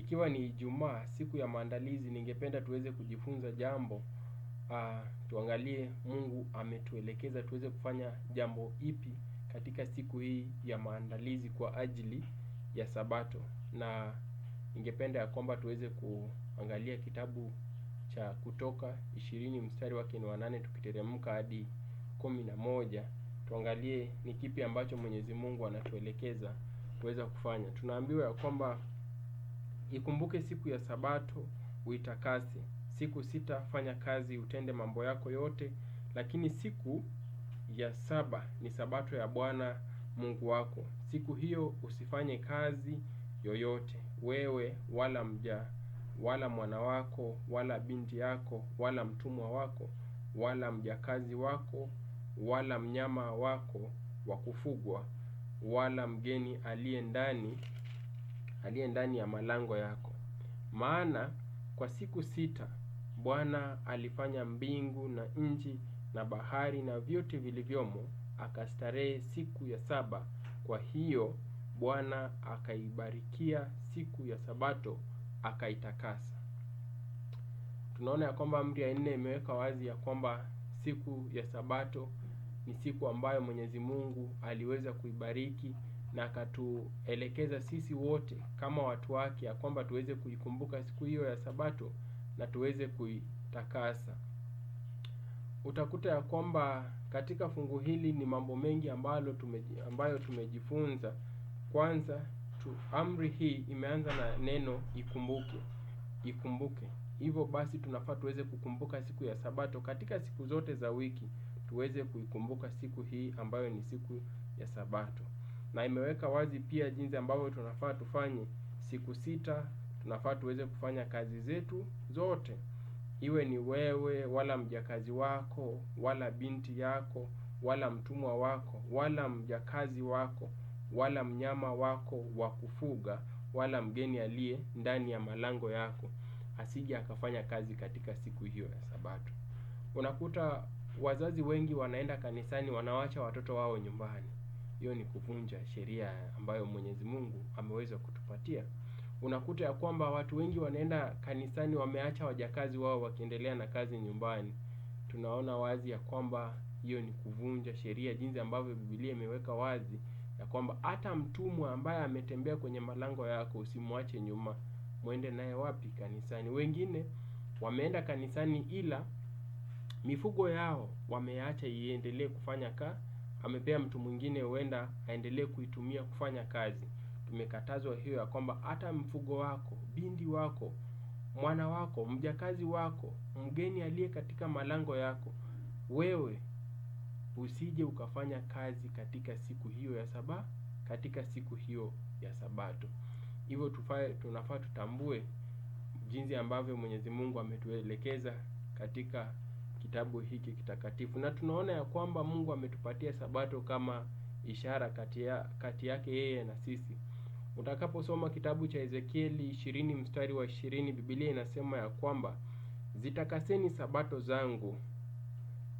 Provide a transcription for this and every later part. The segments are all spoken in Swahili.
Ikiwa ni ijumaa, siku ya maandalizi ningependa tuweze kujifunza jambo, tuangalie mungu ametuelekeza tuweze kufanya jambo ipi katika siku hii ya maandalizi kwa ajili ya sabato. Na ningependa ya kwamba tuweze kuangalia kitabu cha kutoka ishirini mstari wake ni wa nane tukiteremka hadi kumi na moja. Tuangalie ni kipi ambacho mwenyezi mungu anatuelekeza kuweza kufanya. Tunaambiwa ya kwamba Ikumbuke siku ya sabato uitakase, siku sita fanya kazi, utende mambo yako yote, lakini siku ya saba ni sabato ya Bwana Mungu wako. Siku hiyo usifanye kazi yoyote, wewe wala mja wala mwana wako wala binti yako wala mtumwa wako wala mjakazi wako wala mnyama wako wa kufugwa wala mgeni aliye ndani aliye ndani ya malango yako. Maana kwa siku sita Bwana alifanya mbingu na nchi na bahari na vyote vilivyomo, akastarehe siku ya saba. Kwa hiyo Bwana akaibarikia siku ya Sabato akaitakasa. Tunaona ya kwamba amri ya nne imeweka wazi ya kwamba siku ya Sabato ni siku ambayo Mwenyezi Mungu aliweza kuibariki na akatuelekeza sisi wote kama watu wake ya kwamba tuweze kuikumbuka siku hiyo ya Sabato na tuweze kuitakasa. Utakuta ya kwamba katika fungu hili ni mambo mengi ambalo tume, ambayo tumejifunza. Kwanza tu, amri hii imeanza na neno ikumbuke, ikumbuke. Hivyo basi tunafaa tuweze kukumbuka siku ya Sabato katika siku zote za wiki, tuweze kuikumbuka siku hii ambayo ni siku ya Sabato na imeweka wazi pia jinsi ambavyo tunafaa tufanye siku sita, tunafaa tuweze kufanya kazi zetu zote, iwe ni wewe wala mjakazi wako wala binti yako wala mtumwa wako wala mjakazi wako wala mnyama wako wa kufuga wala mgeni aliye ndani ya malango yako asije akafanya kazi katika siku hiyo ya Sabato. Unakuta wazazi wengi wanaenda kanisani, wanawacha watoto wao nyumbani hiyo ni kuvunja sheria ambayo Mwenyezi Mungu ameweza kutupatia. Unakuta ya kwamba watu wengi wanaenda kanisani, wameacha wajakazi wao wakiendelea na kazi nyumbani. Tunaona wazi ya kwamba hiyo ni kuvunja sheria, jinsi ambavyo Biblia imeweka wazi ya kwamba hata mtumwa ambaye ametembea kwenye malango yako usimwache nyuma, mwende naye wapi? Kanisani. Wengine wameenda kanisani, ila mifugo yao wameacha iendelee kufanya ka amepea mtu mwingine huenda aendelee kuitumia kufanya kazi. Tumekatazwa hiyo ya kwamba hata mfugo wako, bindi wako, mwana wako, mjakazi wako, mgeni aliye katika malango yako, wewe usije ukafanya kazi katika siku hiyo ya saba, katika siku hiyo ya Sabato. Hivyo tunafaa tutambue jinsi ambavyo Mwenyezi Mungu ametuelekeza katika kitabu hiki kitakatifu, na tunaona ya kwamba Mungu ametupatia sabato kama ishara kati ya kati yake yeye na sisi. Utakaposoma kitabu cha Ezekieli ishirini mstari wa ishirini Biblia inasema ya kwamba zitakaseni sabato zangu,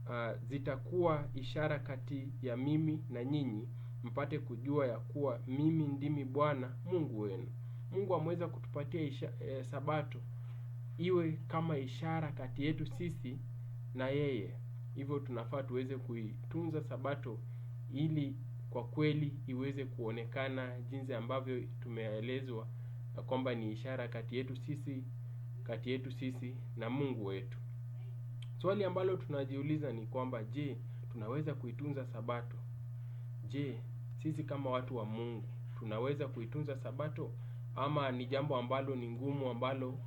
uh, zitakuwa ishara kati ya mimi na nyinyi, mpate kujua ya kuwa mimi ndimi Bwana Mungu wenu. Mungu ameweza kutupatia isha, eh, sabato iwe kama ishara kati yetu sisi na yeye. Hivyo tunafaa tuweze kuitunza Sabato ili kwa kweli iweze kuonekana jinsi ambavyo tumeelezwa kwamba ni ishara kati yetu sisi kati yetu sisi na Mungu wetu. Swali ambalo tunajiuliza ni kwamba je, tunaweza kuitunza Sabato? Je, sisi kama watu wa Mungu tunaweza kuitunza Sabato ama ni jambo ambalo ni ngumu ambalo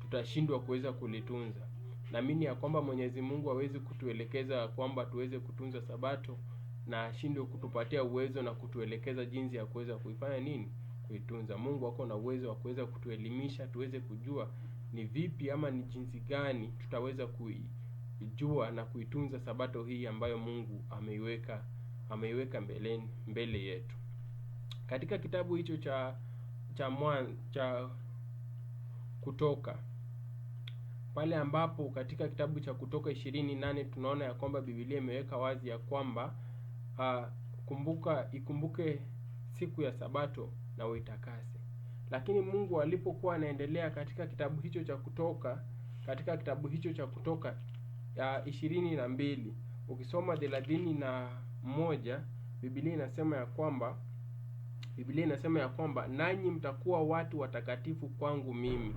tutashindwa kuweza kulitunza? Naamini ya kwamba mwenyezi mungu hawezi kutuelekeza kwamba tuweze kutunza sabato na ashindwe kutupatia uwezo na kutuelekeza jinsi ya kuweza kuifanya nini kuitunza. Mungu ako na uwezo wa kuweza kutuelimisha tuweze kujua ni vipi ama ni jinsi gani tutaweza kuijua na kuitunza sabato hii ambayo Mungu ameiweka ameiweka mbele mbele yetu. Katika kitabu hicho cha cha mwan, cha Kutoka pale ambapo katika kitabu cha Kutoka ishirini nane tunaona ya kwamba Biblia imeweka wazi ya kwamba uh, kumbuka ikumbuke siku ya Sabato na uitakase. Lakini Mungu alipokuwa anaendelea katika kitabu hicho cha Kutoka, katika kitabu hicho cha Kutoka ya ishirini na mbili ukisoma thelathini na moja Biblia inasema ya kwamba Biblia inasema ya kwamba nanyi mtakuwa watu watakatifu kwangu mimi.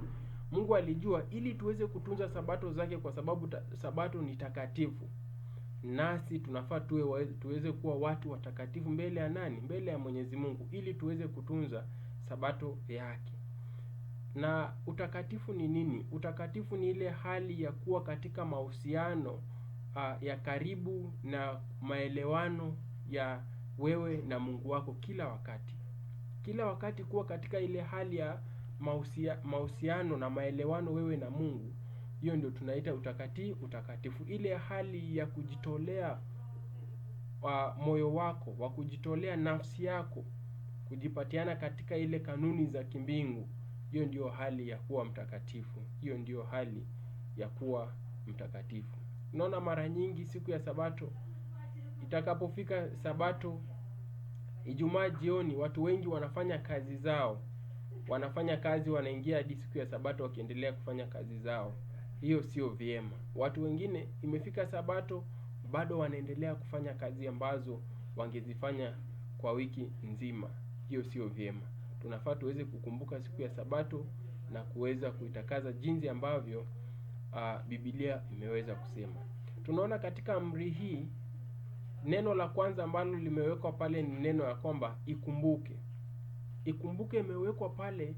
Mungu alijua ili tuweze kutunza sabato zake kwa sababu ta, sabato ni takatifu. Nasi tunafaa tuwe tuweze kuwa watu watakatifu mbele ya nani? Mbele ya Mwenyezi Mungu ili tuweze kutunza sabato yake. Na utakatifu ni nini? Utakatifu ni ile hali ya kuwa katika mahusiano uh, ya karibu na maelewano ya wewe na Mungu wako kila wakati. Kila wakati kuwa katika ile hali ya mahusiano na maelewano wewe na Mungu, hiyo ndio tunaita utakati utakatifu, ile hali ya kujitolea wa moyo wako wa kujitolea nafsi yako kujipatiana katika ile kanuni za kimbingu, hiyo ndiyo hali ya kuwa mtakatifu, hiyo ndiyo hali ya kuwa mtakatifu. Unaona, mara nyingi siku ya Sabato itakapofika, Sabato, Ijumaa jioni, watu wengi wanafanya kazi zao wanafanya kazi, wanaingia hadi siku ya Sabato wakiendelea kufanya kazi zao. Hiyo sio vyema. Watu wengine imefika Sabato bado wanaendelea kufanya kazi ambazo wangezifanya kwa wiki nzima. Hiyo sio vyema. Tunafaa tuweze kukumbuka siku ya Sabato na kuweza kuitakaza jinsi ambavyo uh, Biblia imeweza kusema. Tunaona katika amri hii neno la kwanza ambalo limewekwa pale ni neno ya kwamba ikumbuke. Ikumbuke imewekwa pale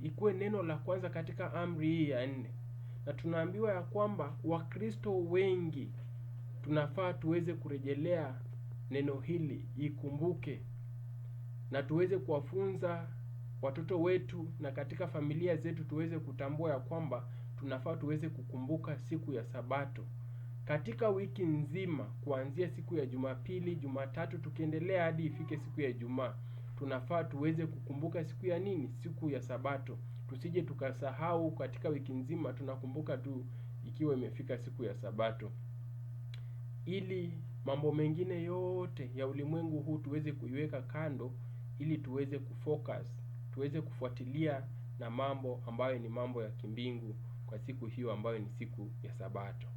ikuwe neno la kwanza katika amri hii ya nne. Na tunaambiwa ya kwamba wakristo wengi tunafaa tuweze kurejelea neno hili ikumbuke, na tuweze kuwafunza watoto wetu na katika familia zetu tuweze kutambua ya kwamba tunafaa tuweze kukumbuka siku ya Sabato katika wiki nzima, kuanzia siku ya Jumapili, Jumatatu tukiendelea hadi ifike siku ya Ijumaa tunafaa tuweze kukumbuka siku ya nini? Siku ya sabato. Tusije tukasahau katika wiki nzima tunakumbuka tu ikiwa imefika siku ya sabato. Ili mambo mengine yote ya ulimwengu huu tuweze kuiweka kando ili tuweze kufocus, tuweze kufuatilia na mambo ambayo ni mambo ya kimbingu kwa siku hiyo ambayo ni siku ya sabato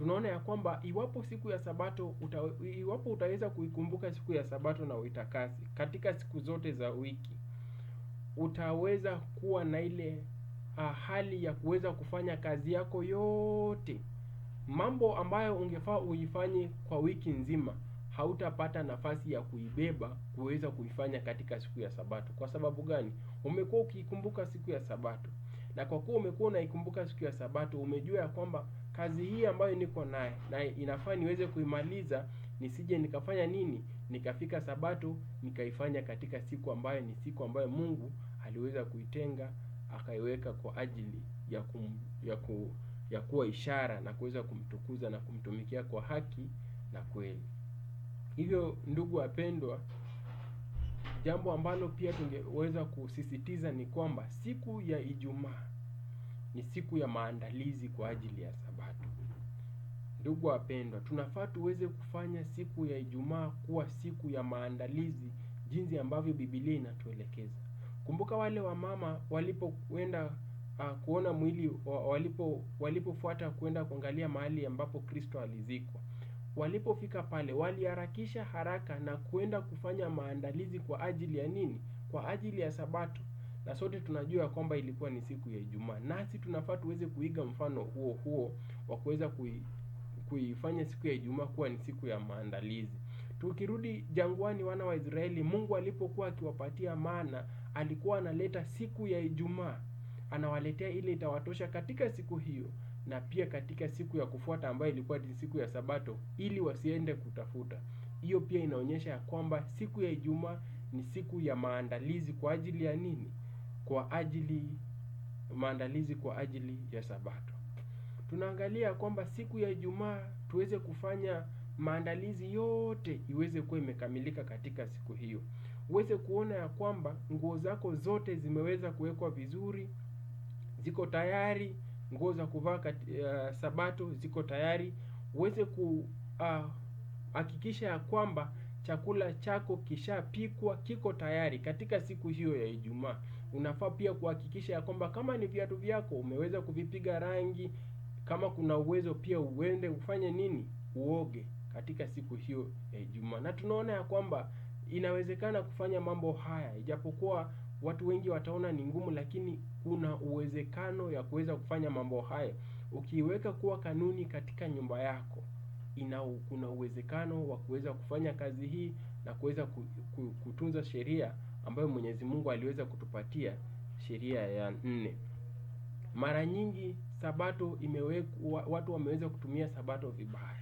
tunaona ya kwamba iwapo siku ya sabato uta, iwapo utaweza kuikumbuka siku ya sabato na uitakasi katika siku zote za wiki, utaweza kuwa na ile ah, hali ya kuweza kufanya kazi yako yote, mambo ambayo ungefaa uifanye kwa wiki nzima hautapata nafasi ya kuibeba kuweza kuifanya katika siku ya Sabato. Kwa sababu gani? Umekuwa ukiikumbuka siku ya Sabato, na kwa kuwa umekuwa unaikumbuka siku ya Sabato, umejua ya kwamba kazi hii ambayo niko naye na inafaa niweze kuimaliza nisije nikafanya nini nikafika sabato nikaifanya katika siku ambayo ni siku ambayo Mungu aliweza kuitenga akaiweka kwa ajili ya kum, ya ku, ya kuwa ishara na kuweza kumtukuza na kumtumikia kwa haki na kweli. Hivyo ndugu wapendwa, jambo ambalo pia tungeweza kusisitiza ni kwamba siku ya Ijumaa ni siku ya maandalizi kwa ajili ya sabato. Ndugu wapendwa, tunafaa tuweze kufanya siku ya Ijumaa kuwa siku ya maandalizi jinsi ambavyo Biblia inatuelekeza. Kumbuka wale wamama walipokwenda uh, kuona mwili walipo walipofuata kwenda kuangalia mahali ambapo Kristo alizikwa. Walipofika pale waliharakisha haraka na kwenda kufanya maandalizi kwa ajili ya nini? Kwa ajili ya sabato na sote tunajua kwamba ilikuwa ni siku ya Ijumaa, nasi tunafaa tuweze kuiga mfano huo huo wa kuweza kui, kuifanya siku ya Ijumaa kuwa ni siku ya maandalizi. Tukirudi jangwani, wana wa Israeli, Mungu alipokuwa akiwapatia mana, alikuwa analeta siku ya Ijumaa, anawaletea ile itawatosha katika siku hiyo na pia katika siku ya kufuata ambayo ilikuwa ni siku ya Sabato, ili wasiende kutafuta. Hiyo pia inaonyesha ya kwamba siku ya Ijumaa ni siku ya maandalizi kwa ajili ya nini? kwa ajili maandalizi kwa ajili ya Sabato. Tunaangalia kwamba siku ya Ijumaa tuweze kufanya maandalizi yote iweze kuwa imekamilika katika siku hiyo, uweze kuona ya kwamba nguo zako zote zimeweza kuwekwa vizuri, ziko tayari, nguo za kuvaa uh, Sabato ziko tayari, uweze kuhakikisha ah, uh, ya kwamba chakula chako kishapikwa, kiko tayari katika siku hiyo ya Ijumaa unafaa pia kuhakikisha ya kwamba kama ni viatu vyako umeweza kuvipiga rangi, kama kuna uwezo pia uende ufanye nini, uoge katika siku hiyo ya Ijumaa. Na tunaona ya kwamba inawezekana kufanya mambo haya, ijapokuwa watu wengi wataona ni ngumu, lakini kuna uwezekano ya kuweza kufanya mambo haya ukiweka kuwa kanuni katika nyumba yako ina kuna uwezekano wa kuweza kufanya kazi hii na kuweza kutunza sheria ambayo Mwenyezi Mungu aliweza kutupatia sheria ya nne. Mara nyingi sabato imewekwa, watu wameweza kutumia sabato vibaya.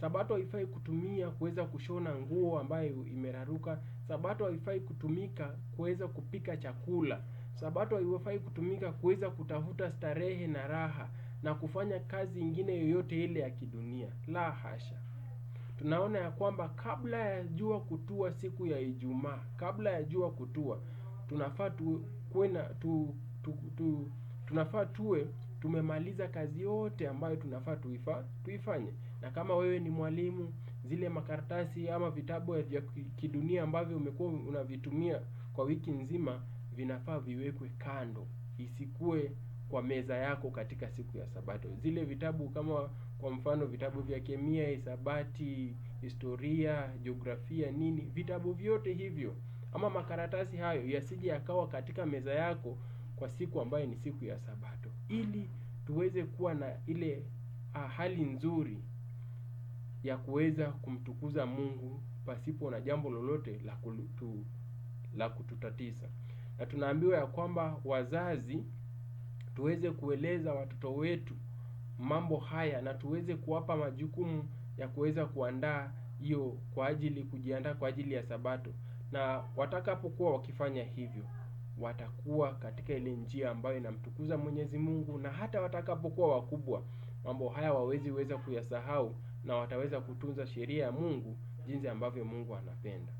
Sabato haifai kutumia kuweza kushona nguo ambayo imeraruka. Sabato haifai kutumika kuweza kupika chakula. Sabato haifai kutumika kuweza kutafuta starehe na raha na kufanya kazi ingine yoyote ile ya kidunia. La hasha tunaona ya kwamba kabla ya jua kutua siku ya Ijumaa, kabla ya jua kutua tunafaa tuwe kwena, tu, tu, tu, tunafaa tuwe tumemaliza kazi yote ambayo tunafaa tuifa, tuifanye. Na kama wewe ni mwalimu, zile makaratasi ama vitabu vya kidunia ambavyo umekuwa unavitumia kwa wiki nzima vinafaa viwekwe kando, isikue kwa meza yako katika siku ya Sabato. Zile vitabu kama kwa mfano vitabu vya kemia, hisabati, historia, jiografia, nini, vitabu vyote hivyo ama makaratasi hayo yasije yakawa katika meza yako kwa siku ambayo ni siku ya Sabato, ili tuweze kuwa na ile hali nzuri ya kuweza kumtukuza Mungu pasipo na jambo lolote la kutu, la kututatiza. Na tunaambiwa ya kwamba wazazi tuweze kueleza watoto wetu mambo haya na tuweze kuwapa majukumu ya kuweza kuandaa hiyo kwa ajili kujiandaa kwa ajili ya sabato. Na watakapokuwa wakifanya hivyo watakuwa katika ile njia ambayo inamtukuza Mwenyezi Mungu na hata watakapokuwa wakubwa mambo haya wawezi weza kuyasahau na wataweza kutunza sheria ya Mungu jinsi ambavyo Mungu anapenda.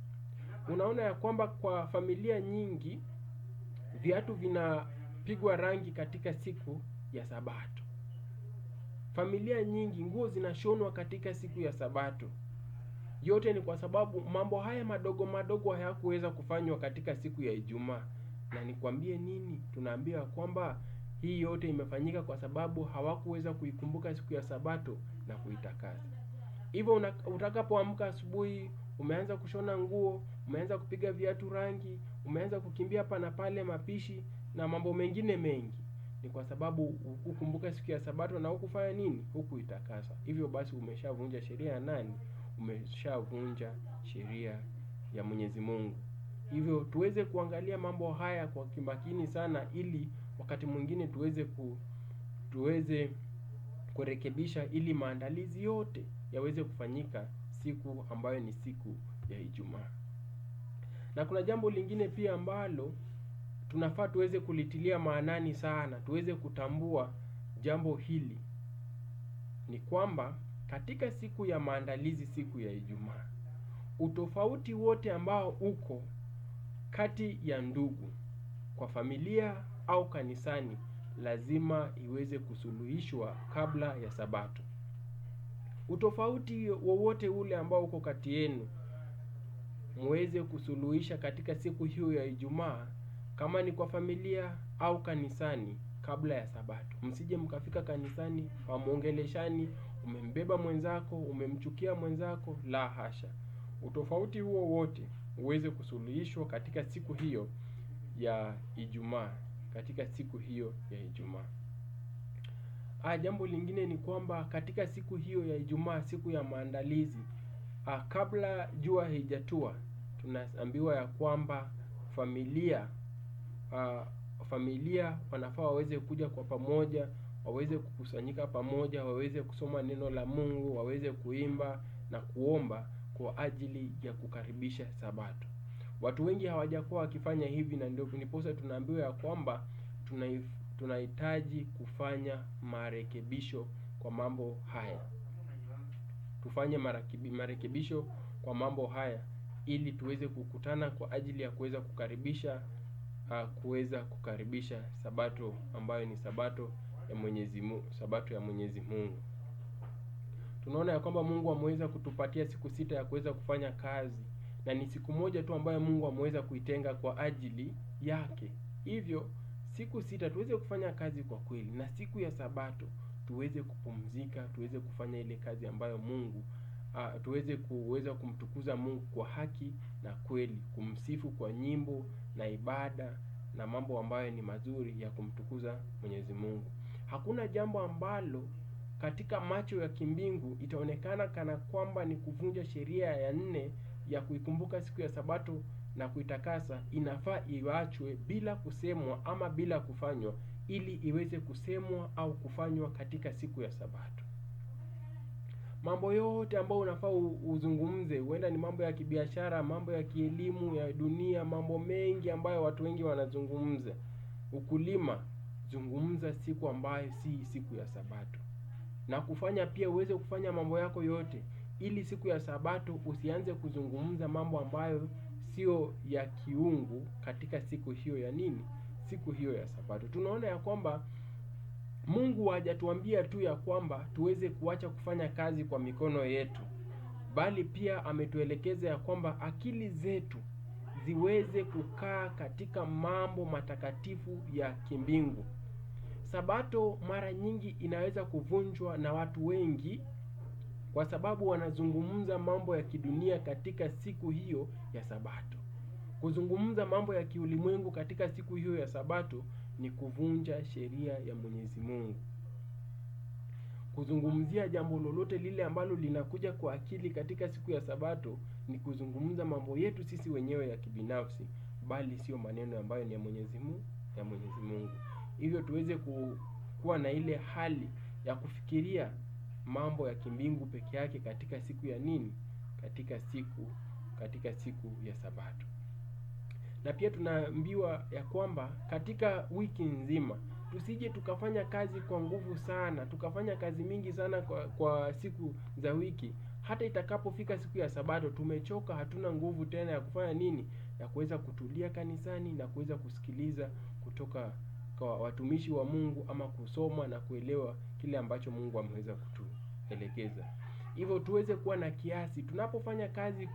Unaona ya kwamba kwa familia nyingi viatu vina kupigwa rangi katika siku ya Sabato. Familia nyingi nguo zinashonwa katika siku ya Sabato. Yote ni kwa sababu mambo haya madogo madogo hayakuweza kufanywa katika siku ya Ijumaa. Na nikwambie nini? Tunaambiwa kwamba hii yote imefanyika kwa sababu hawakuweza kuikumbuka siku ya Sabato na kuitakasa. Hivyo utakapoamka asubuhi, umeanza kushona nguo, umeanza kupiga viatu rangi, umeanza kukimbia hapa na pale mapishi na mambo mengine mengi. Ni kwa sababu hukumbuka siku ya sabato na hukufanya nini? Hukuitakasa. Hivyo basi umeshavunja sheria ya nani? Umeshavunja sheria ya Mwenyezi Mungu. Hivyo tuweze kuangalia mambo haya kwa kimakini sana, ili wakati mwingine tuweze ku tuweze kurekebisha, ili maandalizi yote yaweze kufanyika siku ambayo ni siku ya Ijumaa. Na kuna jambo lingine pia ambalo tunafaa tuweze kulitilia maanani sana, tuweze kutambua jambo hili ni kwamba katika siku ya maandalizi, siku ya Ijumaa, utofauti wote ambao uko kati ya ndugu kwa familia au kanisani lazima iweze kusuluhishwa kabla ya Sabato. Utofauti wowote ule ambao uko kati yenu muweze kusuluhisha katika siku hiyo ya Ijumaa kama ni kwa familia au kanisani kabla ya sabato msije mkafika kanisani hamwongeleshani umembeba mwenzako umemchukia mwenzako la hasha. Utofauti huo wote uweze kusuluhishwa katika siku hiyo ya ijumaa katika siku hiyo ya ijumaa. Ah, jambo lingine ni kwamba katika siku hiyo ya ijumaa siku ya maandalizi ah, kabla jua haijatua tunaambiwa ya kwamba familia Ah, familia wanafaa waweze kuja kwa pamoja, waweze kukusanyika pamoja, waweze kusoma neno la Mungu, waweze kuimba na kuomba kwa ajili ya kukaribisha Sabato. Watu wengi hawajakuwa wakifanya hivi, na ndio niposa tunaambiwa ya kwamba tunahitaji kufanya marekebisho kwa mambo haya, tufanye marekebisho kwa mambo haya ili tuweze kukutana kwa ajili ya kuweza kukaribisha Ah, kuweza kukaribisha sabato ambayo ni sabato ya Mwenyezi Mungu, sabato ya Mwenyezi Mungu. Tunaona ya kwamba Mungu ameweza kutupatia siku sita ya kuweza kufanya kazi na ni siku moja tu ambayo Mungu ameweza kuitenga kwa ajili yake. Hivyo siku sita tuweze kufanya kazi kwa kweli, na siku ya sabato tuweze kupumzika, tuweze kufanya ile kazi ambayo Mungu a, tuweze kuweza kumtukuza Mungu kwa haki na kweli, kumsifu kwa nyimbo na ibada na mambo ambayo ni mazuri ya kumtukuza Mwenyezi Mungu. Hakuna jambo ambalo katika macho ya kimbingu itaonekana kana kwamba ni kuvunja sheria ya nne ya kuikumbuka siku ya Sabato na kuitakasa inafaa iwachwe bila kusemwa ama bila kufanywa ili iweze kusemwa au kufanywa katika siku ya Sabato. Mambo yote ambao unafaa uzungumze, huenda ni mambo ya kibiashara, mambo ya kielimu, ya dunia, mambo mengi ambayo watu wengi wanazungumza. Ukulima, zungumza siku ambayo si siku ya sabato. Na kufanya pia uweze kufanya mambo yako yote ili siku ya sabato usianze kuzungumza mambo ambayo sio ya kiungu katika siku hiyo ya nini? Siku hiyo ya sabato. Tunaona ya kwamba Mungu hajatuambia tu ya kwamba tuweze kuacha kufanya kazi kwa mikono yetu, bali pia ametuelekeza ya kwamba akili zetu ziweze kukaa katika mambo matakatifu ya kimbingu. Sabato mara nyingi inaweza kuvunjwa na watu wengi kwa sababu wanazungumza mambo ya kidunia katika siku hiyo ya Sabato. Kuzungumza mambo ya kiulimwengu katika siku hiyo ya Sabato ni kuvunja sheria ya Mwenyezi Mungu. Kuzungumzia jambo lolote lile ambalo linakuja kwa akili katika siku ya Sabato ni kuzungumza mambo yetu sisi wenyewe ya kibinafsi, bali sio maneno ambayo ni ya Mwenyezi Mungu, ya Mwenyezi Mungu. Hivyo tuweze ku, kuwa na ile hali ya kufikiria mambo ya kimbingu peke yake katika siku ya nini? Katika siku katika siku ya Sabato na pia tunaambiwa ya kwamba katika wiki nzima tusije tukafanya kazi kwa nguvu sana, tukafanya kazi mingi sana kwa, kwa siku za wiki. Hata itakapofika siku ya Sabato tumechoka, hatuna nguvu tena ya kufanya nini, ya kuweza kutulia kanisani na kuweza kusikiliza kutoka kwa watumishi wa Mungu ama kusoma na kuelewa kile ambacho Mungu ameweza kutuelekeza. Hivyo tuweze kuwa na kiasi tunapofanya kazi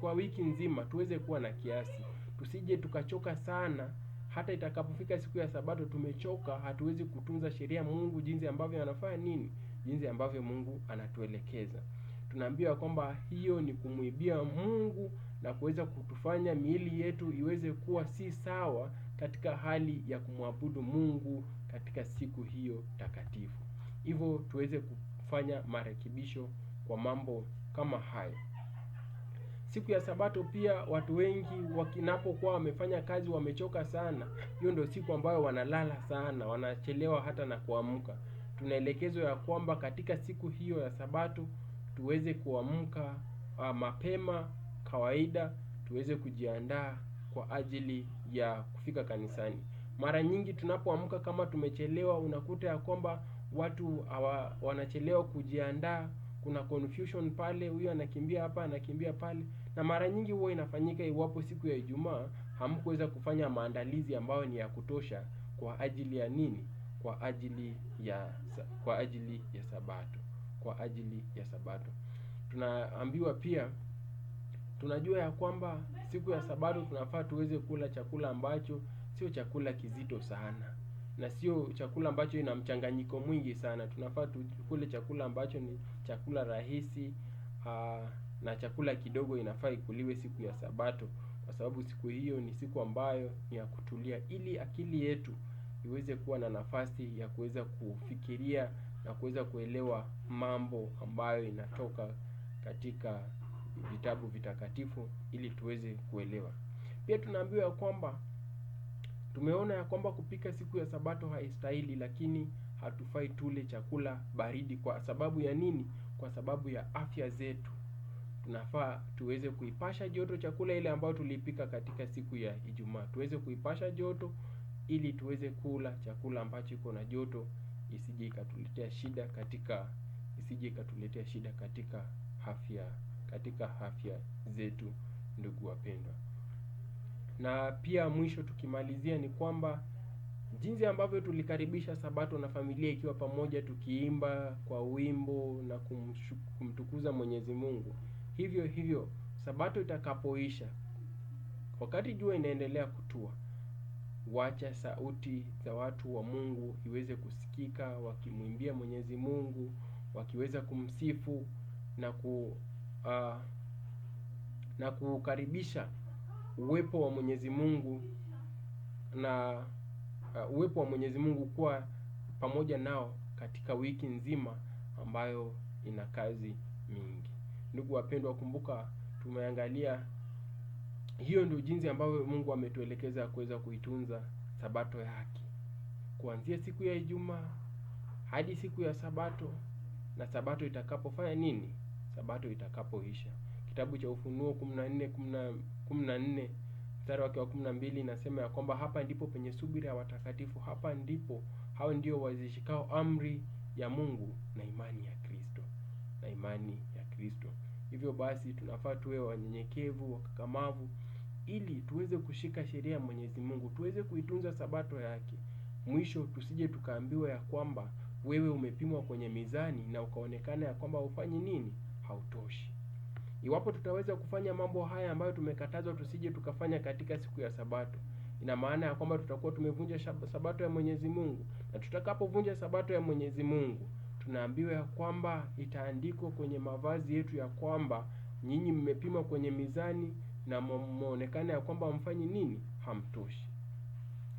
kwa wiki nzima, tuweze kuwa na kiasi. Tusije tukachoka sana hata itakapofika siku ya sabato tumechoka, hatuwezi kutunza sheria Mungu jinsi ambavyo anafanya nini, jinsi ambavyo Mungu anatuelekeza. Tunaambiwa kwamba hiyo ni kumwibia Mungu na kuweza kutufanya miili yetu iweze kuwa si sawa katika hali ya kumwabudu Mungu katika siku hiyo takatifu. Hivyo tuweze kufanya marekebisho kwa mambo kama hayo. Siku ya sabato pia watu wengi wakinapokuwa wamefanya kazi wamechoka sana, hiyo ndio siku ambayo wanalala sana, wanachelewa hata na kuamka. Tunaelekezwa ya kwamba katika siku hiyo ya sabato tuweze kuamka ah, mapema kawaida, tuweze kujiandaa kwa ajili ya kufika kanisani. Mara nyingi tunapoamka kama tumechelewa unakuta ya kwamba watu wanachelewa kujiandaa, kuna confusion pale, huyu anakimbia hapa, anakimbia pale na mara nyingi huwa inafanyika iwapo siku ya ijumaa hamkuweza kufanya maandalizi ambayo ni ya kutosha kwa ajili ya nini? Kwa ajili ya kwa ajili ya sabato, kwa ajili ya sabato. Tunaambiwa pia tunajua ya kwamba siku ya sabato tunafaa tuweze kula chakula ambacho sio chakula kizito sana na sio chakula ambacho ina mchanganyiko mwingi sana. Tunafaa tukule chakula ambacho ni chakula rahisi. Ah, na chakula kidogo inafaa ikuliwe siku ya sabato kwa sababu siku hiyo ni siku ambayo ni ya kutulia ili akili yetu iweze kuwa na nafasi ya kuweza kufikiria na kuweza kuelewa mambo ambayo inatoka katika vitabu vitakatifu ili tuweze kuelewa. Pia tunaambiwa ya kwamba tumeona ya kwamba kupika siku ya sabato haistahili lakini hatufai tule chakula baridi kwa sababu ya nini? Kwa sababu ya afya zetu tunafaa tuweze kuipasha joto chakula ile ambayo tulipika katika siku ya Ijumaa. Tuweze kuipasha joto ili tuweze kula chakula ambacho iko na joto isije ikatuletea shida katika isije ikatuletea shida katika afya katika afya zetu ndugu wapendwa. Na pia mwisho tukimalizia ni kwamba jinsi ambavyo tulikaribisha Sabato na familia ikiwa pamoja tukiimba kwa wimbo na kumtukuza Mwenyezi Mungu. Hivyo hivyo Sabato itakapoisha, wakati jua inaendelea kutua, wacha sauti za watu wa Mungu iweze kusikika, wakimwimbia Mwenyezi Mungu, wakiweza kumsifu na ku uh, na kukaribisha uwepo wa Mwenyezi Mungu na uh, uwepo wa Mwenyezi Mungu kuwa pamoja nao katika wiki nzima ambayo ina kazi Ndugu wapendwa, kumbuka tumeangalia hiyo ndio jinsi ambavyo Mungu ametuelekeza kuweza kuitunza sabato yake kuanzia siku ya Ijumaa hadi siku ya sabato na sabato itakapofanya nini, sabato itakapoisha. Kitabu cha Ufunuo 14 14 mstari wake wa 12 inasema ya kwamba hapa ndipo penye subira ya watakatifu, hapa ndipo hao ndio wazishikao amri ya Mungu na imani ya Kristo, na imani ya Kristo. Hivyo basi tunafaa tuwe wanyenyekevu, wakakamavu ili tuweze kushika sheria ya Mwenyezi Mungu, tuweze kuitunza sabato yake. Mwisho tusije tukaambiwa ya kwamba wewe umepimwa kwenye mizani na ukaonekana ya kwamba ufanyi nini, hautoshi. Iwapo tutaweza kufanya mambo haya ambayo tumekatazwa tusije tukafanya katika siku ya sabato, ina maana ya kwamba tutakuwa tumevunja sabato ya Mwenyezi Mungu, na tutakapovunja sabato ya Mwenyezi Mungu tunaambiwa ya kwamba itaandikwa kwenye mavazi yetu ya kwamba nyinyi mmepimwa kwenye mizani na mmeonekana ya kwamba mfanyi nini, hamtoshi.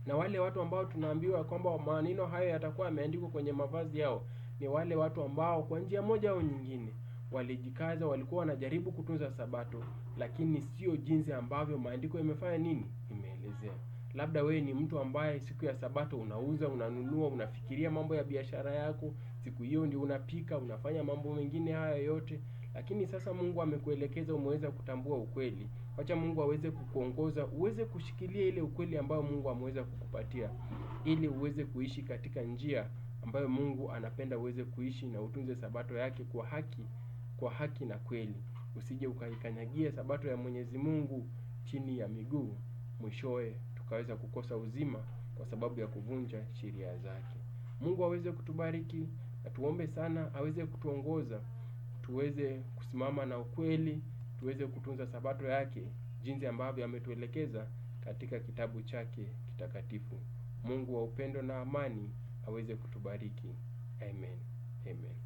Na wale watu ambao tunaambiwa kwamba maneno hayo yatakuwa yameandikwa kwenye mavazi yao ni wale watu ambao kwa njia moja au nyingine walijikaza, walikuwa wanajaribu kutunza Sabato, lakini sio jinsi ambavyo maandiko yamefanya nini, imeelezea. Labda wewe ni mtu ambaye siku ya Sabato unauza, unanunua, unafikiria mambo ya biashara yako, siku hiyo ndio unapika, unafanya mambo mengine haya yote, lakini sasa Mungu amekuelekeza, umeweza kutambua ukweli. Wacha Mungu aweze kukuongoza uweze kushikilia ile ukweli ambayo Mungu ameweza kukupatia, ili uweze kuishi katika njia ambayo Mungu anapenda uweze kuishi, na utunze sabato yake kwa haki, kwa haki na kweli. Usije ukaikanyagia sabato ya Mwenyezi Mungu chini ya miguu, mwishowe tukaweza kukosa uzima kwa sababu ya kuvunja sheria zake. Mungu aweze kutubariki na tuombe sana aweze kutuongoza tuweze kusimama na ukweli, tuweze kutunza sabato yake jinsi ambavyo ametuelekeza katika kitabu chake kitakatifu. Mungu wa upendo na amani aweze kutubariki. Amen. Amen.